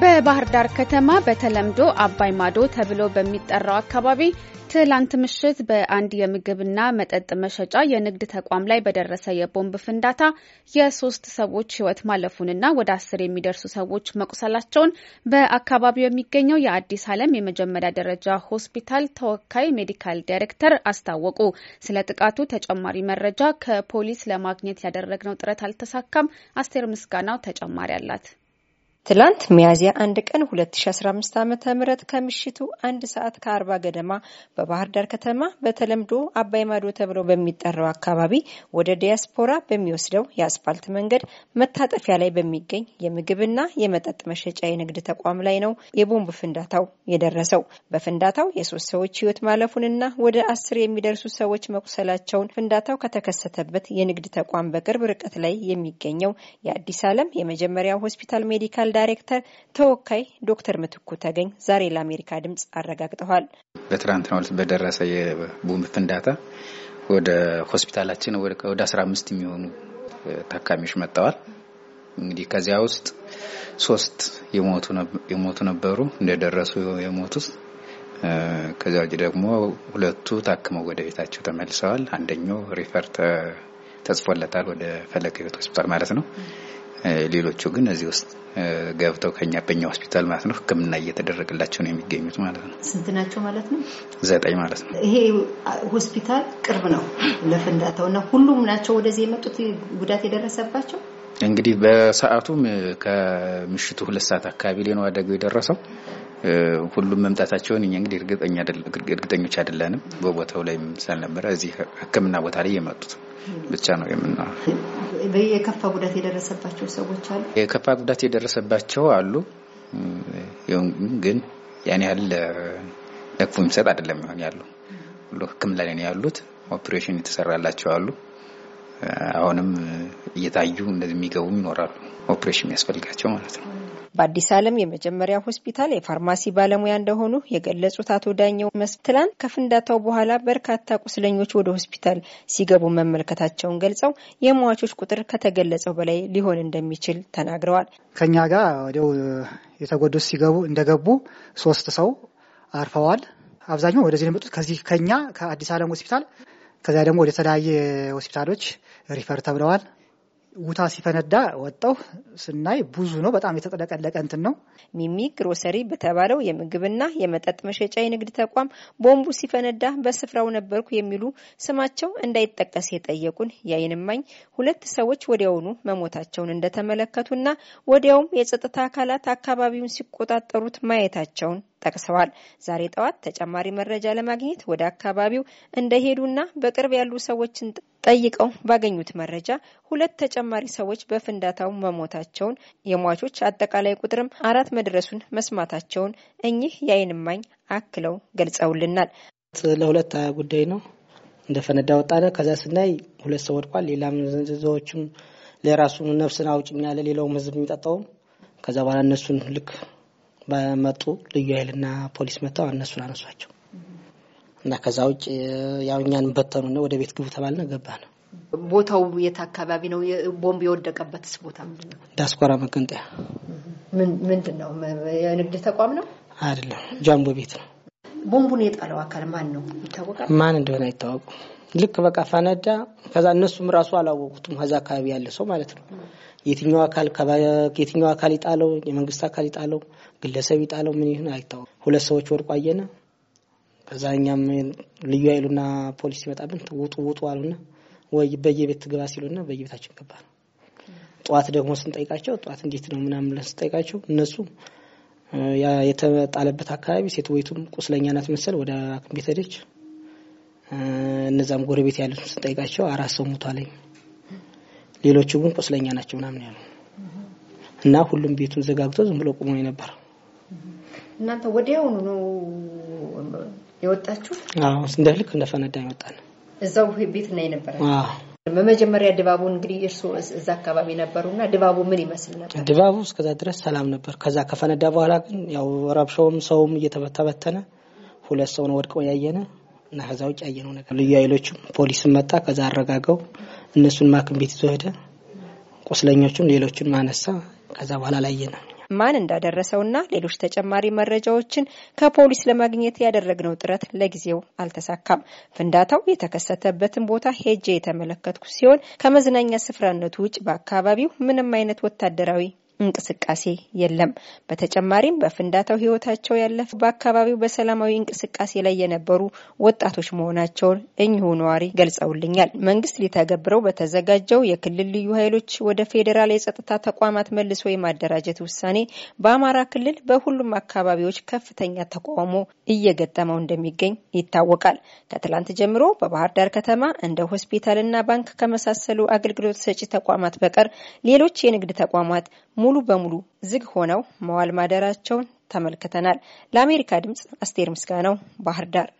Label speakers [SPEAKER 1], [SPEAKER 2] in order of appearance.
[SPEAKER 1] በባህር ዳር ከተማ በተለምዶ አባይ ማዶ ተብሎ በሚጠራው አካባቢ ትላንት ምሽት በአንድ የምግብና መጠጥ መሸጫ የንግድ ተቋም ላይ በደረሰ የቦምብ ፍንዳታ የሶስት ሰዎች ሕይወት ማለፉንና ወደ አስር የሚደርሱ ሰዎች መቁሰላቸውን በአካባቢው የሚገኘው የአዲስ ዓለም የመጀመሪያ ደረጃ ሆስፒታል ተወካይ ሜዲካል ዳይሬክተር አስታወቁ። ስለ ጥቃቱ ተጨማሪ መረጃ ከፖሊስ ለማግኘት ያደረግነው ጥረት አልተሳካም። አስቴር ምስጋናው ተጨማሪ አላት። ትላንት ሚያዝያ አንድ ቀን 2015 ዓ ም ከምሽቱ አንድ ሰዓት ከአርባ ገደማ በባህር ዳር ከተማ በተለምዶ አባይ ማዶ ተብሎ በሚጠራው አካባቢ ወደ ዲያስፖራ በሚወስደው የአስፋልት መንገድ መታጠፊያ ላይ በሚገኝ የምግብና የመጠጥ መሸጫ የንግድ ተቋም ላይ ነው የቦምብ ፍንዳታው የደረሰው። በፍንዳታው የሶስት ሰዎች ህይወት ማለፉንና ወደ አስር የሚደርሱ ሰዎች መቁሰላቸውን ፍንዳታው ከተከሰተበት የንግድ ተቋም በቅርብ ርቀት ላይ የሚገኘው የአዲስ ዓለም የመጀመሪያው ሆስፒታል ሜዲካል ዳይሬክተር ተወካይ ዶክተር ምትኩ ተገኝ ዛሬ ለአሜሪካ ድምጽ አረጋግጠዋል።
[SPEAKER 2] በትናንትናው ዕለት በደረሰ የቦምብ ፍንዳታ ወደ ሆስፒታላችን ወደ አስራ አምስት የሚሆኑ ታካሚዎች መጥተዋል። እንግዲህ ከዚያ ውስጥ ሶስት የሞቱ ነበሩ እንደደረሱ የሞቱት ከዚያ ውጭ ደግሞ ሁለቱ ታክመው ወደ ቤታቸው ተመልሰዋል። አንደኛው ሪፈር ተጽፎለታል ወደ ፈለገ ሕይወት ሆስፒታል ማለት ነው። ሌሎቹ ግን እዚህ ውስጥ ገብተው ከኛ በኛ ሆስፒታል ማለት ነው ሕክምና እየተደረገላቸው ነው የሚገኙት ማለት
[SPEAKER 3] ነው። ስንት ናቸው ማለት ነው?
[SPEAKER 2] ዘጠኝ ማለት ነው።
[SPEAKER 3] ይሄ ሆስፒታል ቅርብ ነው ለፍንዳታው እና ሁሉም ናቸው ወደዚህ የመጡት ጉዳት የደረሰባቸው።
[SPEAKER 2] እንግዲህ በሰዓቱም ከምሽቱ ሁለት ሰዓት አካባቢ ላይ ነው አደገው የደረሰው። ሁሉም መምጣታቸውን እኛ እንግዲህ እርግጠኞች አይደለንም። በቦታው ላይ ስላልነበረ እዚህ ሕክምና ቦታ ላይ የመጡት ብቻ ነው የምናው።
[SPEAKER 3] የከፋ ጉዳት የደረሰባቸው ሰዎች አሉ።
[SPEAKER 2] የከፋ ጉዳት የደረሰባቸው አሉ፣ ግን ያን ያህል ለክፉ የሚሰጥ አይደለም። ሆን ያሉ ሁሉ ሕክምና ላይ ነው ያሉት። ኦፕሬሽን የተሰራላቸው አሉ። አሁንም እየታዩ እንደዚህ የሚገቡም ይኖራሉ፣ ኦፕሬሽን የሚያስፈልጋቸው ማለት ነው።
[SPEAKER 1] በአዲስ ዓለም የመጀመሪያ ሆስፒታል የፋርማሲ ባለሙያ እንደሆኑ የገለጹት አቶ ዳኘው መስፍን ትላንት ከፍንዳታው በኋላ በርካታ ቁስለኞች ወደ ሆስፒታል ሲገቡ መመልከታቸውን ገልጸው የሟቾች ቁጥር ከተገለጸው በላይ ሊሆን እንደሚችል ተናግረዋል። ከኛ ጋር ወዲያው
[SPEAKER 4] የተጎዱት ሲገቡ እንደገቡ ሶስት ሰው አርፈዋል። አብዛኛው ወደዚህ የመጡት ከዚህ ከኛ ከአዲስ ዓለም ሆስፒታል ከዚያ ደግሞ ወደ ተለያየ ሆስፒታሎች ሪፈር ተብለዋል።
[SPEAKER 1] ውታ ሲፈነዳ ወጣው ስናይ ብዙ ነው። በጣም የተጠለቀለቀ እንትን ነው። ሚሚ ግሮሰሪ በተባለው የምግብና የመጠጥ መሸጫ የንግድ ተቋም ቦምቡ ሲፈነዳ በስፍራው ነበርኩ የሚሉ ስማቸው እንዳይጠቀስ የጠየቁን የዓይን እማኝ ሁለት ሰዎች ወዲያውኑ መሞታቸውን እንደተመለከቱና ወዲያውም የጸጥታ አካላት አካባቢውን ሲቆጣጠሩት ማየታቸውን ጠቅሰዋል። ዛሬ ጠዋት ተጨማሪ መረጃ ለማግኘት ወደ አካባቢው እንደሄዱና በቅርብ ያሉ ሰዎችን ጠይቀው ባገኙት መረጃ ሁለት ተጨማሪ ሰዎች በፍንዳታው መሞታቸውን የሟቾች አጠቃላይ ቁጥርም አራት መድረሱን መስማታቸውን እኚህ የዓይን እማኝ አክለው ገልጸውልናል።
[SPEAKER 4] ለሁለት ሀያ ጉዳይ ነው እንደ ፈነዳ ወጣነ። ከዛ ስናይ ሁለት ሰው ወድቋል። ሌላም ዘዎችም ለራሱ ነፍስን አውጭኛ ለሌላውም ህዝብ የሚጠጣውም ከዛ በኋላ እነሱን ልክ በመጡ ልዩ ኃይልና ፖሊስ መጥተው እነሱን አነሷቸው። እና ከዛ ውጭ ያው እኛን በተኑ ወደ ቤት ግቡ ተባልነ ነው።
[SPEAKER 3] ቦታው የት አካባቢ ነው? ቦምብ የወደቀበትስ ቦታ ምንድን
[SPEAKER 4] ነው? ዳስኮራ መገንጠያ
[SPEAKER 3] ምንድን ነው? የንግድ ተቋም ነው
[SPEAKER 4] አይደለም፣ ጃምቦ ቤት ነው።
[SPEAKER 3] ቦምቡን የጣለው አካል ማን ነው
[SPEAKER 4] ይታወቃል? ማን እንደሆነ አይታወቁም። ልክ በቃ ፈነዳ። ከዛ እነሱም ራሱ አላወቁትም። ከዛ አካባቢ ያለ ሰው ማለት ነው። የትኛው አካል የትኛው አካል ይጣለው፣ የመንግስት አካል ይጣለው፣ ግለሰብ ይጣለው፣ ምን ይሁን አይታወቅም። ሁለት ሰዎች ወድቆ ከዛ እኛም ልዩ ኃይሉና ፖሊስ ሲመጣብን ውጡ ውጡ አሉና ወይ በየቤት ግባ ሲሉና በየቤታችን ገባ ነው። ጠዋት ደግሞ ስንጠይቃቸው ጠዋት እንዴት ነው ምናምን ብለን ስንጠይቃቸው እነሱ የተጣለበት አካባቢ ሴት ወይቱም ቁስለኛ ናት መሰል ወደ ሐኪም ቤት ሄደች። እነዛም ጎረቤት ያሉት ስንጠይቃቸው አራት ሰው ሞቷል፣ ሌሎቹ ግን ቁስለኛ ናቸው ምናምን ያሉ እና ሁሉም ቤቱን ዘጋግቶ ዝም ብሎ ቁሞ ነበር።
[SPEAKER 3] እናንተ ወዲያውኑ ነው የወጣችሁ?
[SPEAKER 4] አዎ እንደ ልክ እንደፈነዳ ነው።
[SPEAKER 3] እዛው ቤት ነው የነበራችሁ? አዎ በመጀመሪያ ድባቡ እንግዲህ እርስዎ እዛ አካባቢ ነበሩና ድባቡ ምን ይመስል
[SPEAKER 4] ነበር? ድባቡ እስከዛ ድረስ ሰላም ነበር። ከዛ ከፈነዳ በኋላ ግን ያው ረብሻውም ሰውም እየተበተበተነ ሁለት ሰውን ወድቀው ያየነ እና ከዛ ውጭ ያየነው ነገር ልዩ ኃይሎችም ፖሊስም መጣ። ከዛ አረጋገው እነሱን ማክም ቤት ይዞ ሄደ። ቁስለኞቹም ሌሎቹን ማነሳ። ከዛ በኋላ ላየ ነው
[SPEAKER 1] ማን እንዳደረሰውና ሌሎች ተጨማሪ መረጃዎችን ከፖሊስ ለማግኘት ያደረግነው ጥረት ለጊዜው አልተሳካም። ፍንዳታው የተከሰተበትን ቦታ ሄጄ የተመለከትኩ ሲሆን ከመዝናኛ ስፍራነቱ ውጭ በአካባቢው ምንም አይነት ወታደራዊ እንቅስቃሴ የለም። በተጨማሪም በፍንዳታው ህይወታቸው ያለፈ በአካባቢው በሰላማዊ እንቅስቃሴ ላይ የነበሩ ወጣቶች መሆናቸውን እኚሁ ነዋሪ ገልጸውልኛል። መንግስት ሊተገብረው በተዘጋጀው የክልል ልዩ ኃይሎች ወደ ፌዴራል የጸጥታ ተቋማት መልሶ የማደራጀት ውሳኔ በአማራ ክልል በሁሉም አካባቢዎች ከፍተኛ ተቃውሞ እየገጠመው እንደሚገኝ ይታወቃል። ከትላንት ጀምሮ በባህር ዳር ከተማ እንደ ሆስፒታልና ባንክ ከመሳሰሉ አገልግሎት ሰጪ ተቋማት በቀር ሌሎች የንግድ ተቋማት ሙሉ በሙሉ ዝግ ሆነው መዋል ማደራቸውን ተመልክተናል። ለአሜሪካ ድምጽ አስቴር ምስጋናው ባህር ዳር